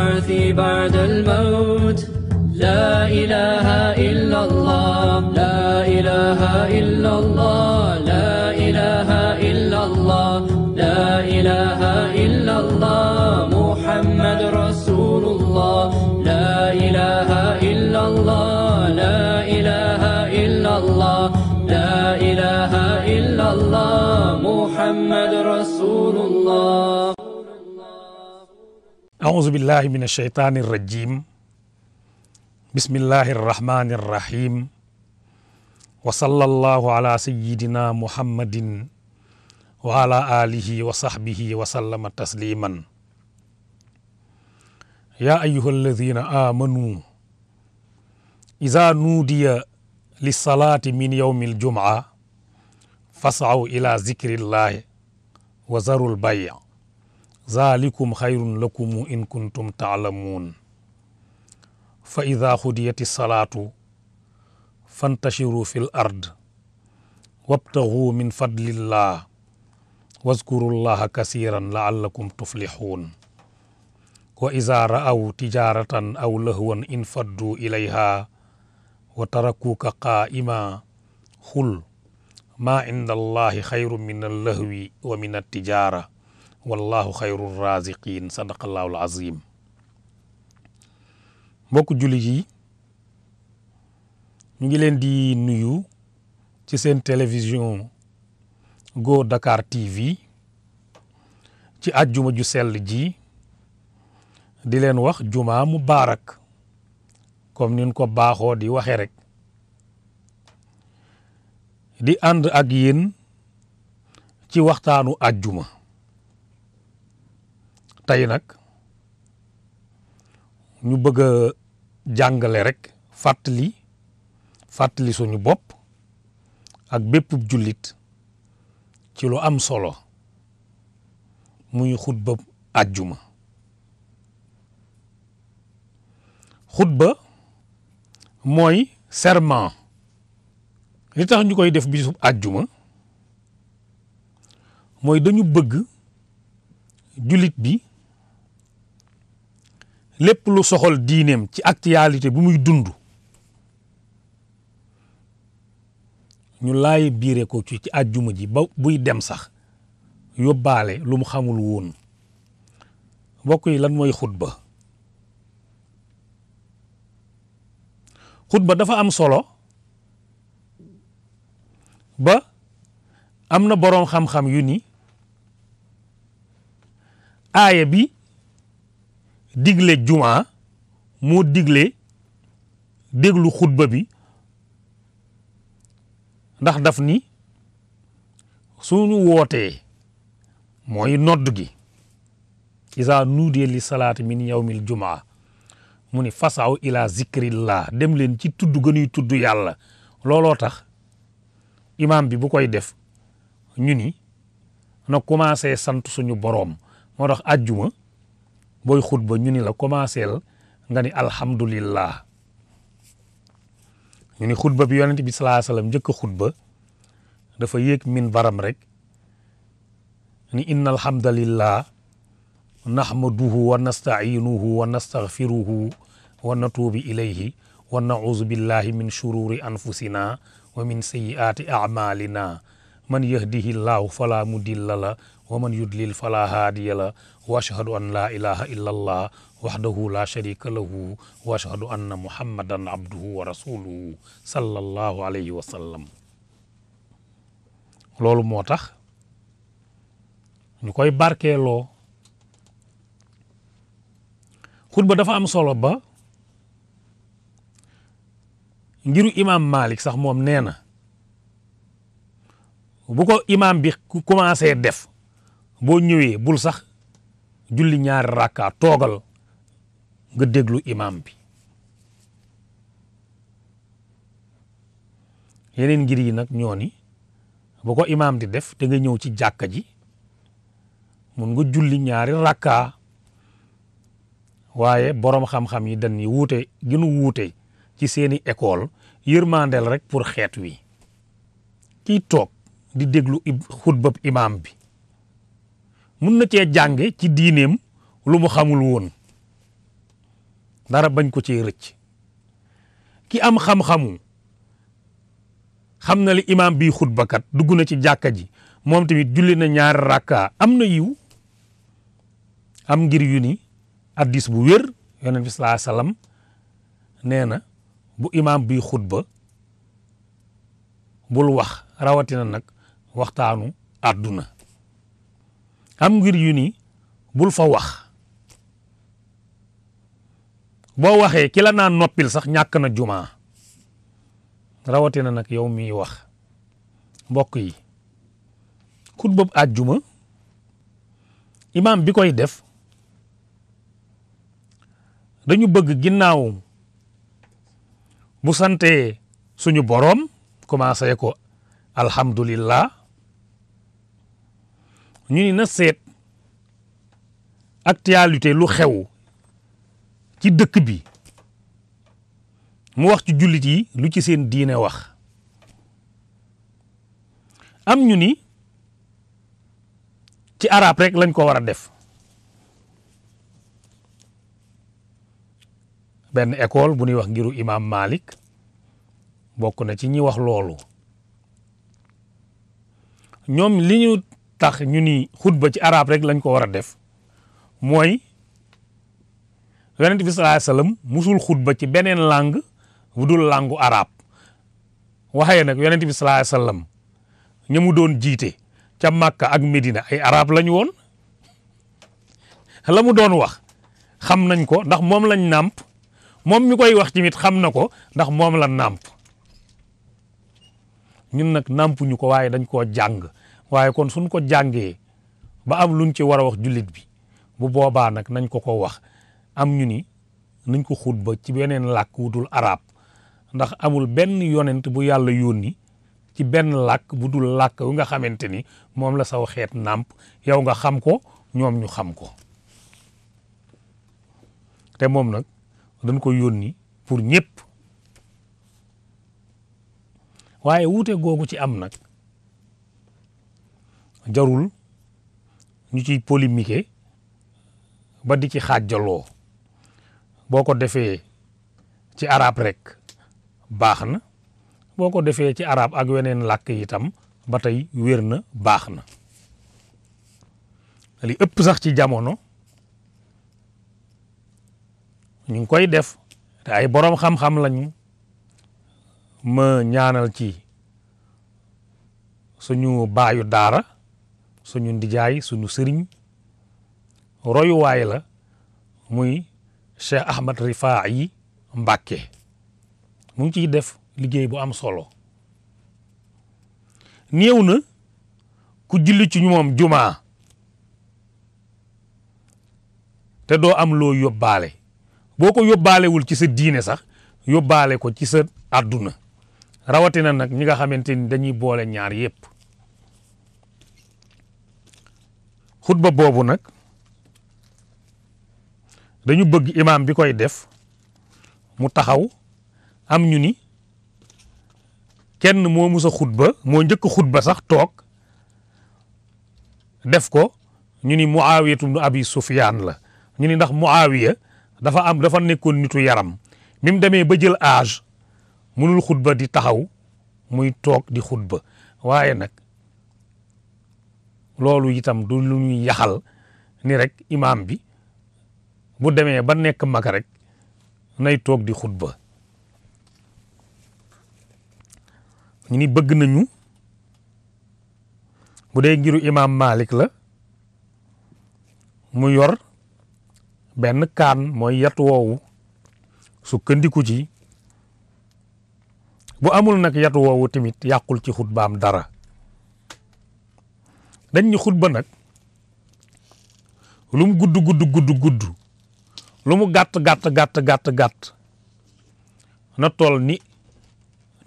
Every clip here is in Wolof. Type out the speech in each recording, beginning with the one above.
البعث بعد الموت لا إله إلا الله لا إله إلا الله لا إله إلا الله لا إله إلا الله محمد رسول الله لا إله إلا الله لا إله إلا الله لا إله إلا الله محمد أعوذ بالله من الشيطان الرجيم بسم الله الرحمن الرحيم وصلى الله على سيدنا محمد وعلى آله وصحبه وسلم تسليما يا أيها الذين آمنوا إذا نودي للصلاة من يوم الجمعة فاسعوا إلى ذكر الله وذروا البيع zalikum xayrun lakum in kuntum taalamuun fa ida xudiyati salaatu fantashiru fi l ard wabtaxu min fadlillah waskuru llaha kasiran laallakum tuflixuun wa ida ra'aw tijaratan aw lahwan in faddu ilayha wa tarakuuka qaa'ima xul maa inda allahi xayru min allahwi wa min attijaara wallahu xayru raziqin sadaqallahu alazim mbokk juli yi mu ngi leen di nuyu ci seen télévision Go Dakar TV ci àjjuma ju sell ji di leen wax juma mubaarak comme nin ko baaxoo di waxe rek di ànd ak yéen ci waxtaanu àjjuma tey nag ñu bëgg a jàngale rek fàttali fàttali suñu bopp ak bépp jullit ci lu am solo muy xutba àjjuma xutba mooy serment li tax ñu koy def bisub àjjuma mooy dañu bëgg jullit bi lépp lu soxal diineem ci actualité bu muy dund ñu laay biire ko ci ci àjjuma ji ba buy dem sax yóbbaale lu mu xamul woon mbokk yi lan mooy xutba xutba dafa am solo ba am na boroom xam-xam yu ni aaya bi digle jumaa moo digle déglu xutba bi ndax daf ni suñu wootee mooy nodd gi isa nuudee salaat mini min yawmil jumaa mu ni fasaw ila zikrillah dem leen ci tudd gënuy tudd yàlla looloo tax imaam bi bu koy def ñu ni na commencé sant suñu boroom moo tax juma booy xutba ñu ni la commencé la nga ni alhamdulillah ñu ni xutba bi yonent bi salaa salaam njëkk a xutba dafa yéeg min baram rek ni inna alhamdulillah nahmaduhu wa nastainuhu wa nastaghfiruhu wa natuubu ilayhi wa nauzu billahi min shururi anfusina wa min sayyiati amalina man yahdihi llahu la wa man yudlil fala haadiya la wa ashhadu an laa ilaha illa allah wahdahu la sharika lahu wa ashhadu anna muhammadan abduhu wa rasuluhu sallallahu alayhi wa sallam loolu moo tax ñu koy barkeeloo xutba dafa am solo ba ngiru imaam Malik sax moom nee na bu ko imaam bi commencé def boo ñëwee bul sax julli ñaari rakka toogal nga déglu imam bi yeneen ngir yi nag ñoo ni bu ko imaam di def te nga ñëw ci jàkka ji mun nga julli ñaari rakka waaye borom xam-xam yi dañ ni wuute gënu wuute ci seeni école yërmandeel rek pour xeet wi kiy toog di déglu xutbab imaam bi mun na cee jànge ci diineem lu mu xamul woon dara bañ ko cee rëcc ki am xam-xamu xam na li imaam bii xutbakat dugg na ci jàkka ji moom tamit julli na ñaar rakka am na yiw am ngir yu ni addis bu wér yonent bi salaam nee na bu imaam bii xutba bul wax rawatina nag waxtaanu àdduna am ngir yu ni bul fa wax boo waxee ki la naan noppil sax ñàkk na jumaa rawatina nag yow miy wax mbokk yi xutbab àjjuma imaam bi koy def dañu bëgg ginnaaw bu sante suñu boroom commencé ko alhamdulillah ñu ni na seet actualité lu xew ci dëkk bi mu wax ci jullit yi lu ci seen diine wax am ñu ni ci arab rek lañ ko war a def benn école bu nuy wax ngiru imam Malik bokk na ci ñi wax loolu ñoom li ñu tax ñu ni xutba ci araab rek lañ ko war a def mooy yonent bi sallallahu alayhi wasallam musul xutba ci beneen langue bu dul langu araab waxee nag yonent bi sallallahu alayhi wasallam ña mu doon jiite ca Makka ak Medina ay araab lañu woon la mu doon wax xam nañ ko ndax moom lañ nàmp moom mi koy wax tamit xam na ko ndax moom la nàmp ñun nag nàmpuñu ko waaye dañ koo jàng waaye kon suñ ko jàngee ba am luñ ci war a wax jullit bi bu boobaa nag nañ ko ko wax am ñu ni nañ ko ba ci beneen lakk wu dul arab ndax amul benn yonent bu yàlla yónni ci benn lakk bu dul lakk wu nga xamante ni moom la saw xeet nàmp yow nga xam ko ñoom ñu xam ko te moom nag dañ ko yónni pour ñëpp waaye wuute googu ci am nag jarul ñu ciy polémique ba di ci xaajaloo boo ko defee ci arab rek baax na boo ko defee ci arab ak weneen lakk yitam ba tey wér na baax na li ëpp sax ci jamono ñu ngi koy def te ay boroom xam-xam lañu ma ñaanal ci suñu baayu daara di jaay suñu sëriñ royuwaay la muy Cheikh Ahmad Rifaa'i Mbàkke mu ngi ciy def liggéey bu am solo néew na ku julli ci ñoom jumaa te doo am loo yóbbaale boo ko yóbbaalewul ci sa diine sax yóbbaale ko ci sa àdduna rawatina nag ñi nga xamante ni dañuy boole ñaar yépp xutba boobu nag dañu bëgg imaam bi koy def mu taxaw am ñu ni kenn moo mus a xutba moo njëkk xutba sax toog def ko ñu ni Muawiyatu bnu Abi Sufyaan la ñu ni ndax Muawiya dafa am dafa nekkoon nitu yaram bi mu demee ba jël âge mënul xutba di taxaw muy toog di xutba waaye nag loolu itam du lu ñuy yaxal ni rek imaam bi bu demee ba nekk mag rek nay toog di xutba ñu ni bëgg nañu bu dee ngiru imaam Malik la mu yor benn kaan mooy yat woowu sukkandiku ci bu amul nag yat woowu tamit yàqul ci xutbaam dara dañ ñu xutba nag lu mu gudd gudd gudd gudd lu mu gàtt gàtt gàtt gàtt gàtt na toll ni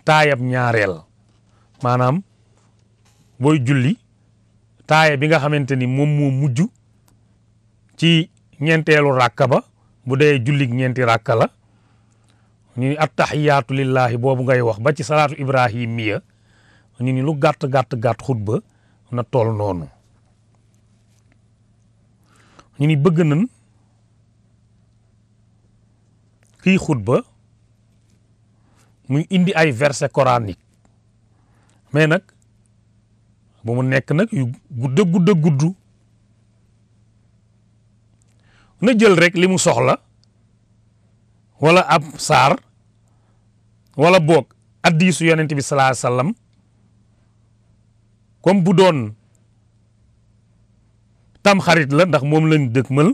taayab ñaareel maanaam booy julli taaya bi nga xamante ni moom moo mujj ci ñeenteelu ràkka ba bu dee jullig ñeenti ràkka la ñu attahiyaatu lillahi boobu ngay wax ba ci salaatu ibrahimiya ñu ni lu gàtt gàtt gàtt xutba na tool noonu ñu ni bëgg nañ kiy xutba muy indi ay verset coranique mais nag bu mu nekk nag yu gudd a na jël rek li mu soxla wala ab saar wala boog addiisu yonent bi salaa sallam comme bu doon tam xarit la ndax moom lañ dëkkmal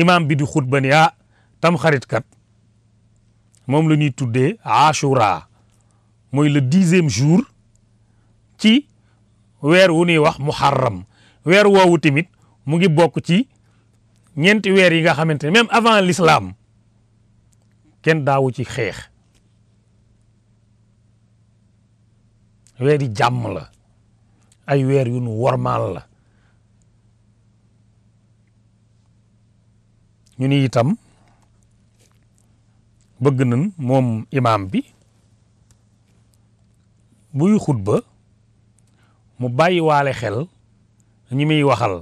imam bi di xutba ni ah tam xarit kat moom la ñuy tuddee ashura mooy le dixième jour ci weer wu ñuy wax muharram weer woowu tamit mu ngi bokk ci ñeenti weer yi nga xamante ne avant l'islam kenn daawu ci xeex weeri jàmm la ay weer yu nu wormaal la ñu ni itam bëgg nañ moom imaam bi buy xutba mu bàyyi waale xel ñi muy waxal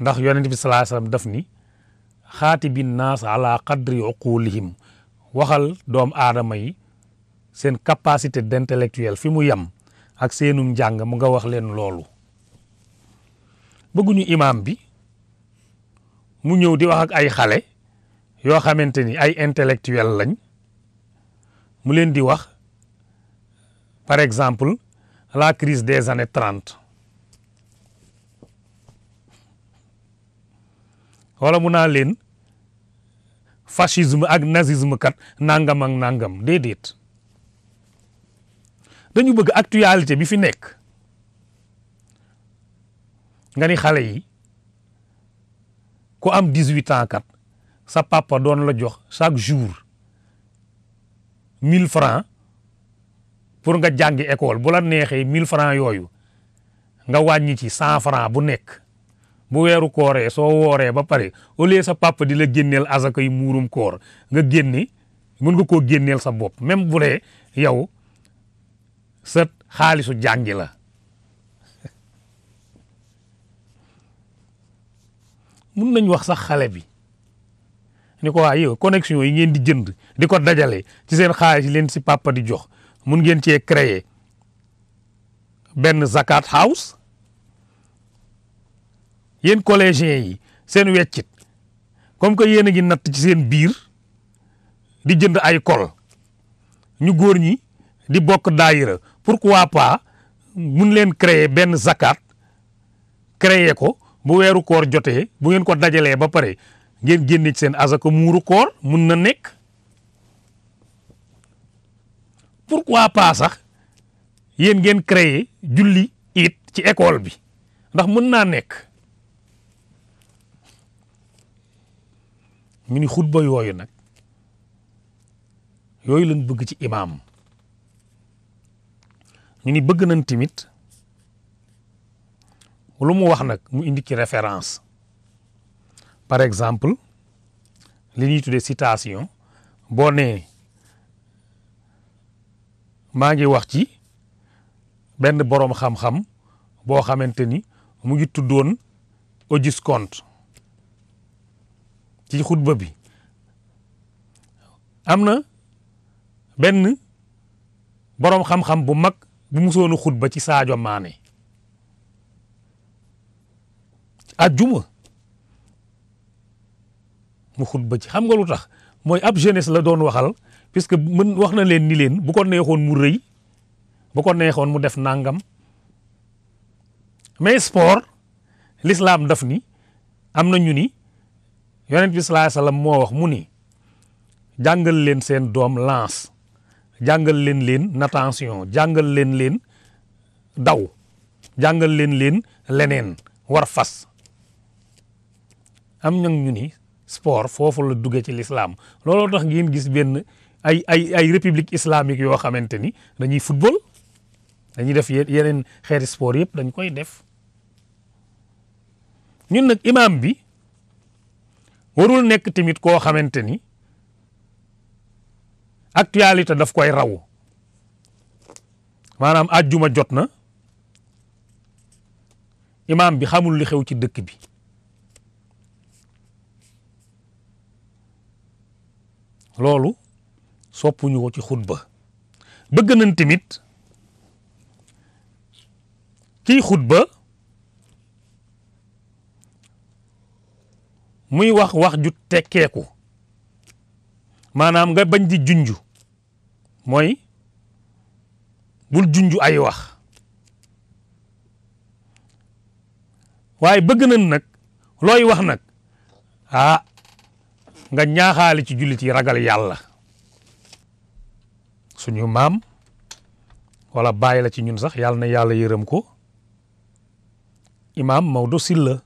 ndax yonent bi salaa daf ni xaati bin naas ala qadri uqulihim waxal doom aadama yi seen capacité d' intellectuel fi mu yem ak seenum njàng mu nga wax leen loolu bëgguñu imaam bi mu ñëw di wax ak ay xale yoo xamante ni ay intellectuel lañ mu leen di wax par exemple la crise des années trente wala mu naa leen fascisme ak nazisme kat nangam ak nangam déedéet dañu bëgg actualité bi fi nekk nga ni xale yi ku am dix-huit ans kat sa pappa doon la jox chaque jour mille francs pour nga jàngi école bu la neexee mille francs yooyu nga wàññi ci cent francs bu nekk bu weeru kooree soo wooree ba pare au lee sa papa di la génneel asaka yi muurum koor nga génni mun nga koo génneel sa bopp même bu dee yow sët xaalisu jàngi la mun nañ wax sax xale bi ni ko waa yow connexion yi ngeen di jënd di ko dajale ci seen xaalis leen si papa di jox mun ngeen cee créer benn zakat house yéen collégiens yi seen weccit comme que yéen a ngi natt ci seen biir di jënd ay kol ñu góor ñi di bokk daayira pourquoi pas mun leen créer benn zakat créer ko bu weeru koor jotee bu ngeen ko dajalee ba pare ngeen génne seen azaka muuru koor mun na nekk pourquoi pas sax yéen ngeen créer julli it ci école bi ndax mën naa nekk ñu ni xutba yooyu nag yooyu lañ bëgg ci imaam ñu ni bëgg na tamit lu mu wax nag mu indi ci référence par exemple li ñuy tuddee citation boo nee maa ngi wax ci benn boroom xam-xam boo xamante ni mu ngi tuddoon Auguste Comte ci xutba bi am na benn boroom xam-xam bu mag bu musoon xut ba ci Sadio Mané ajjuma mu ba ci xam nga lu tax mooy ab jeunesse la doon waxal puisque mën wax na leen ni leen bu ko neexoon mu rëy bu ko neexoon mu def nangam mais sport lislaam daf ni am na ñu ni yonent bi sallallahu alayhi moo wax mu ni jàngal leen seen doom lance jàngal leen leen natation jàngal leen leen daw jàngal leen leen leneen war fas am ñang ñu ni sport foofu la duggee ci lislaam looloo tax ngeen gis benn ay ay ay république islamique yoo xamante ni dañuy football dañuy def yeneen xeeti sport yëpp dañ koy def ñun nag imaam bi warul nekk tamit koo xamante ni actualité daf koy raw maanaam àjjuma jot na imaam bi xamul li xew ci dëkk bi loolu soppuñu ko ci xutba bëgg nañ tamit kiy xutba muy wax wax ju tekkeeku maanaam nga bañ di junju mooy bul junj ay wax waaye bëgg nañ nag looy wax nag ah nga ñaaxaale ci jullit yi ragal yàlla suñu maam wala bàyyi la ci ñun sax yàlla na yàlla yërëm ko imaam Maodo Sylla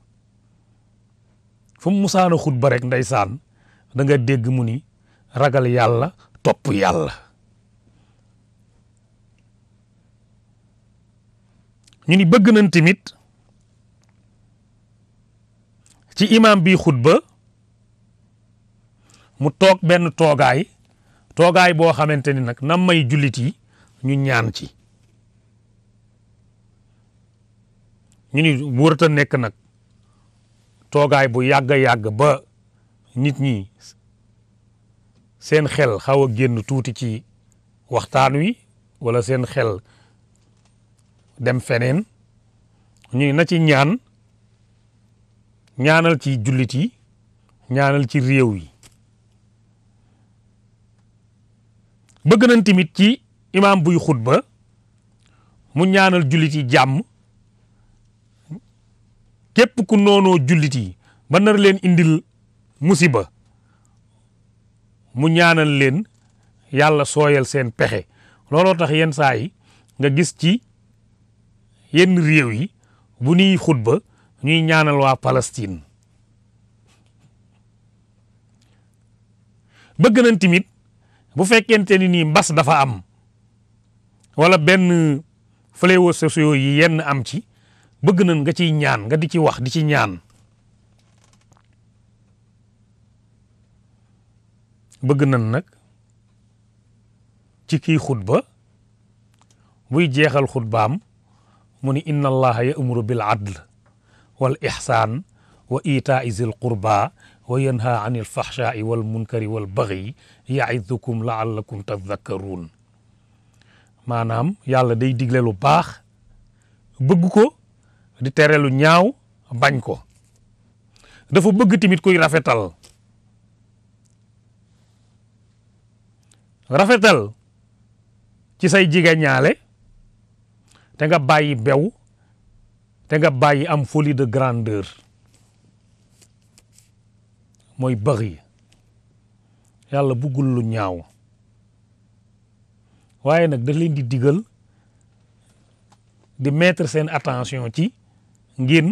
fu mu musaana xutba rek ndeysaan da nga dégg mu ni ragal yàlla topp yàlla ñu ni bëgg nañ tamit ci imaam bi xutba mu toog benn toogaay toogaay boo xamante ni nag nam may jullit yi ñu ñaan ci ñu ni wërta nekk nag toogaay bu yàgg-yàgg ba nit ñi seen xel xaw a génn tuuti ci waxtaan wi wala seen xel dem feneen ñu na ci ñaan ñaanal ci jullit yi ñaanal ci réew yi bëgg nañ tamit ci imaam buy xutba mu ñaanal jullit yi jàmm képp ku noonoo jullit yi ba nar leen indil musiba mu ñaanal leen yàlla sooyal seen pexe looloo tax yenn saay nga gis ci yenn réew yi bu ñuy xutba ñuy ñaanal waa Palestine bëgg nañ tamit bu fekkente ni nii mbas dafa am wala benn fléau sociaux yi yenn am ci bëgg nañ nga ciy ñaan nga di ci wax di ci ñaan bëgg nañ nag ci kii xutba buy jeexal xutbaam mu ni inna allaha ya'muru bil adl wal ihsaan wa iitaa'i zil qurba wa yanha anil fahshaa'i wal munkari wal baghi ya'idukum la'allakum tadhakkaruun maanaam yàlla day digle lu baax bëgg ko di tere lu ñaaw bañ ko dafa bëgg tamit kuy rafetal rafetal ci say jigéen ñaale te nga bàyyi bew te nga bàyyi am foli de grandeur mooy bëx yi yàlla buggul lu ñaaw waaye nag daf leen di digal di mettre seen attention ci ngeen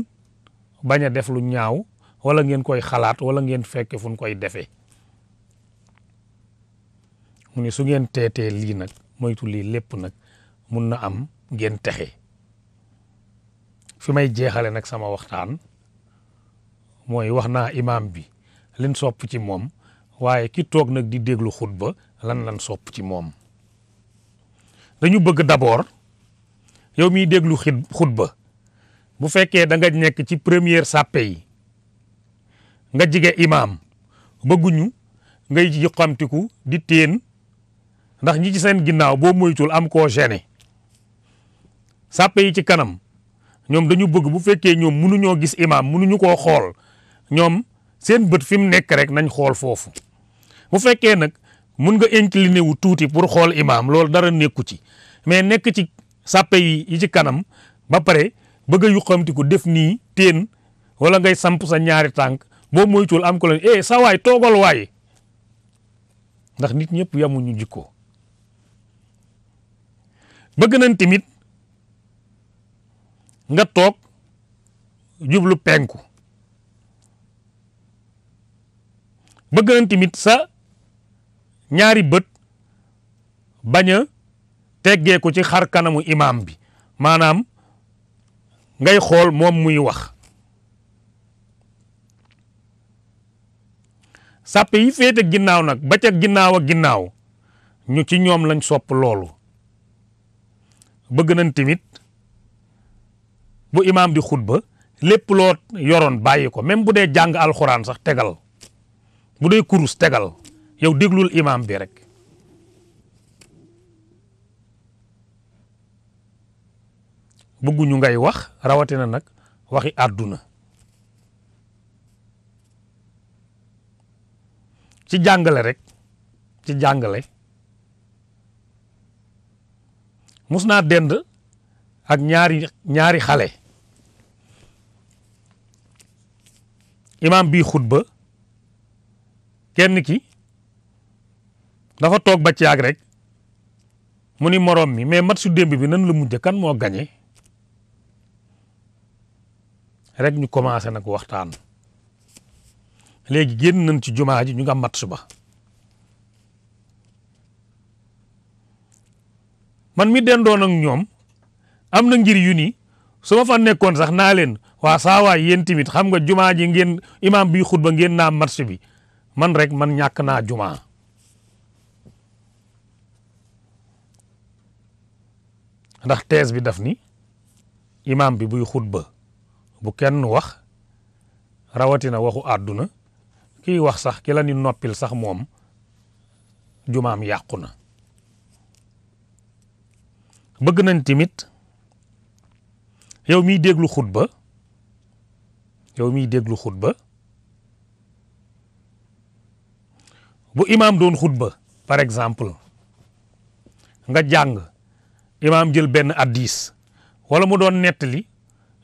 bañ a def lu ñaaw wala ngeen koy xalaat wala ngeen fekke fu koy defee mu ne su ngeen teetee lii nag moytu lii lépp nag mun na am ngeen texe fi may jeexale nag sama waxtaan mooy wax naa imaam bi liñ sopp ci moom waaye ki toog nag di déglu xutba lan lan sopp ci moom dañu bëgg d'abord yow mii déglu xutba bu fekkee da nekk ci première sàppe yi nga jige imaam bëgguñu ngay ji xamtiku di téen ndax ñi ci seen ginnaaw boo moytul am koo gêné sàppe yi ci kanam ñoom dañu bëgg bu fekkee ñoom mënuñoo gis imaam mënuñu koo xool ñoom seen bët fi mu nekk rek nañ xool foofu bu fekkee nag mun nga incliné wu tuuti pour xool imaam loolu dara nekku ci mais nekk ci sàppe yi yi ci kanam ba pare bëgg a yu xamti def nii teen wala ngay samp sa ñaari tànk boo moytuwul am ko leen eh sa waay toogal waay ndax nit ñëpp yamuñu jikko bëgg nañ tamit nga toog jublu penku bëgg nañ tamit sa ñaari bët baña a ko ci xar kanamu imaam bi maanaam ngay xool moom muy wax sàppe yi féete ginnaaw nag ba ca ginnaaw ginnaaw ñu ci ñoom lañ sopp loolu bëgg nañ tamit bu imaam di xutba lépp loo yoroon bàyyi ko même bu dee jàng alxuraan sax tegal bu dee kurus tegal yow déglul imaam bi rek bëgguñu ngay wax rawatina nag waxi àdduna ci jàngale rek ci jàngale mus naa dend ak ñaari ñaari xale imaam bii xutba kenn ki dafa toog ba ci yàgg rek mu ni moroom mi mais mat su démb bi nan la mujj kan moo gañe rek ñu commencé nag waxtaan léegi génn nañ ci jumaa ji ñu nga mat suba man mi dendoon ak ñoom am na ngir yu ni su ma fa nekkoon sax naa leen waa saa waay yéen tamit xam nga jumaa ji ngeen imaam bi xutba ngeen naa match bi man rek man ñàkk naa jumaa ndax tees bi daf ni imaam bi buy xutba bu kenn wax rawatina waxu àdduna kiy wax sax kila ni noppil sax moom jumaam yàqu na bëgg nañ tamit yow mii déglu xutba yow miy déglu xutba bu imaam doon xutba par exemple nga jàng imaam jël benn addis wala mu doon nettali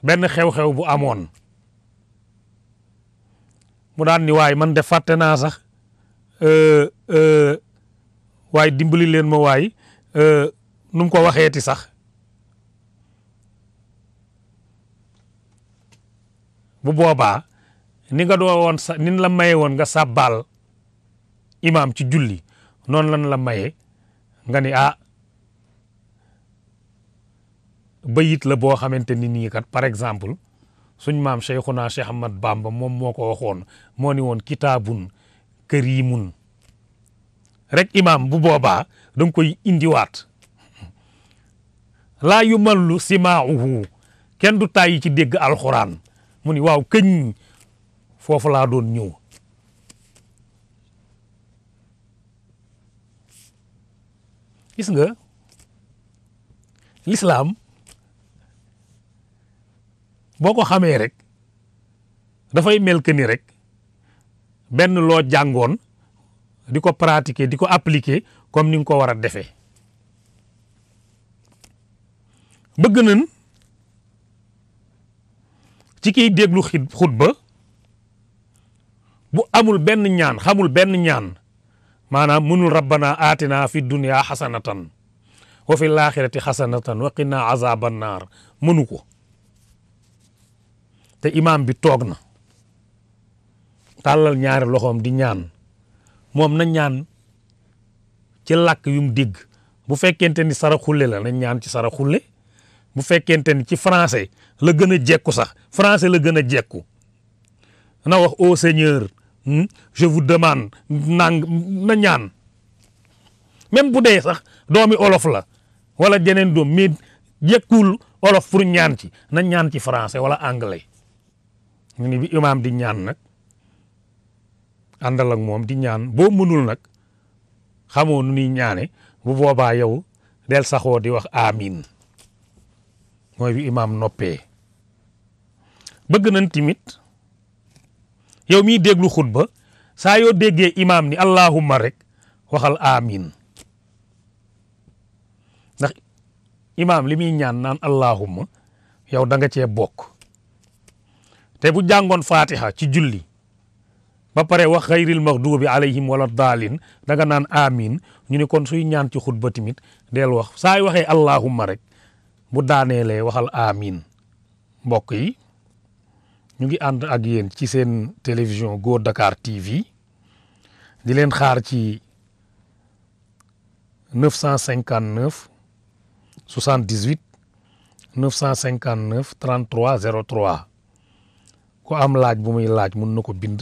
benn xew-xew bu amoon mu daan ni waaye man de fàtte naa sax euh, euh, waaye dimbali leen ma waay euh, num ko waxeeti sax bu boobaa ni nga doo woon sa nin la maye woon nga sàbbaal imaam ci julli noonu lan la maye nga ni ah bayit la boo xamante ni nii kat par exemple suñ maam Cheikhuna Cheikh Ahmad Bamba moom moo ko waxoon moo ni woon kitaabun karimun rek imam bu boobaa da nga koy indiwaat laa yu mallu simaahu kenn du tàyyi ci dégg alxuraan mu ni waaw këñ foofu laa doon ñëw gis nga lislaam boo ko xamee rek dafay mel que rek benn loo jàngoon di ko pratiquer di ko appliquer comme ni nga ko war a defee bëgg nañ ci kiy déglu xutba bu amul benn ñaan xamul benn ñaan maanaam mënul rabbana aatina fi dunya xasanatan wa fi laaxirati xasanatan wa qina azaban naar mënu ko te imaam bi toog na tàllal ñaari loxoom di ñaan moom na ñaan ci lakk yum digg bu fekkente ni sara xulle la na ñaan ci sara xulle bu fekkente ni ci français la gën a jekku sax français la gën a jekku na wax ô oh, Seigneur hmm, je vous nang na ñaan même bu dee sax doomi olof la wala jeneen doom mi jekkul olof pour ñaan ci na ñaan ci français wala anglais ñu ni imaam di ñaan nag àndal moom di ñaan boo mënul nag xamoo nu ñuy ñaane bu boobaa yow del saxoo di wax amin mooy bi imaam noppee bëgg nañ timit yow mii déglu xutba saa yoo déggee imaam ni allahumma rek waxal amiin ndax imaam li muy ñaan naan allahumma yow danga nga cee bokk te bu jàngoon fatiha ci julli ba pare wax xayril maxduubi alayhim wala daalin da nga naan amiin ñu ni kon suy ñaan ci xutba timit del wax saay waxee allahumma rek bu daaneelee waxal amiin mbokk yi ñu ngi ànd ak yéen ci seen télévision Go Dakar TV di leen xaar ci 959 78 959 33 03 ku am laaj bu muy laaj mun na ko bind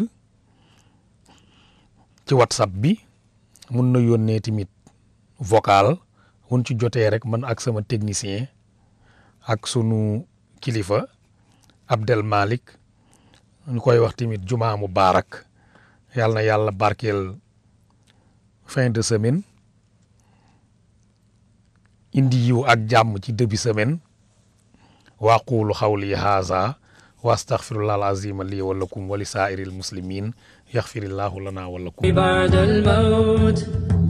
ci WhatsApp bi mun na yónnee tamit vocal mun ci jotee rek man ak sama technicien. ak sunu kilifa Abdel Malik ñu koy wax tamit jumaa mu baarak yàlla barkel yàlla barkeel fin de semaine indi yiw ak jàmm ci début semaine waaquulu xawli haza wa astaghfirullah alazim li wa lakum wa li saa'iril muslimin yaghfirillahu lana wa lakum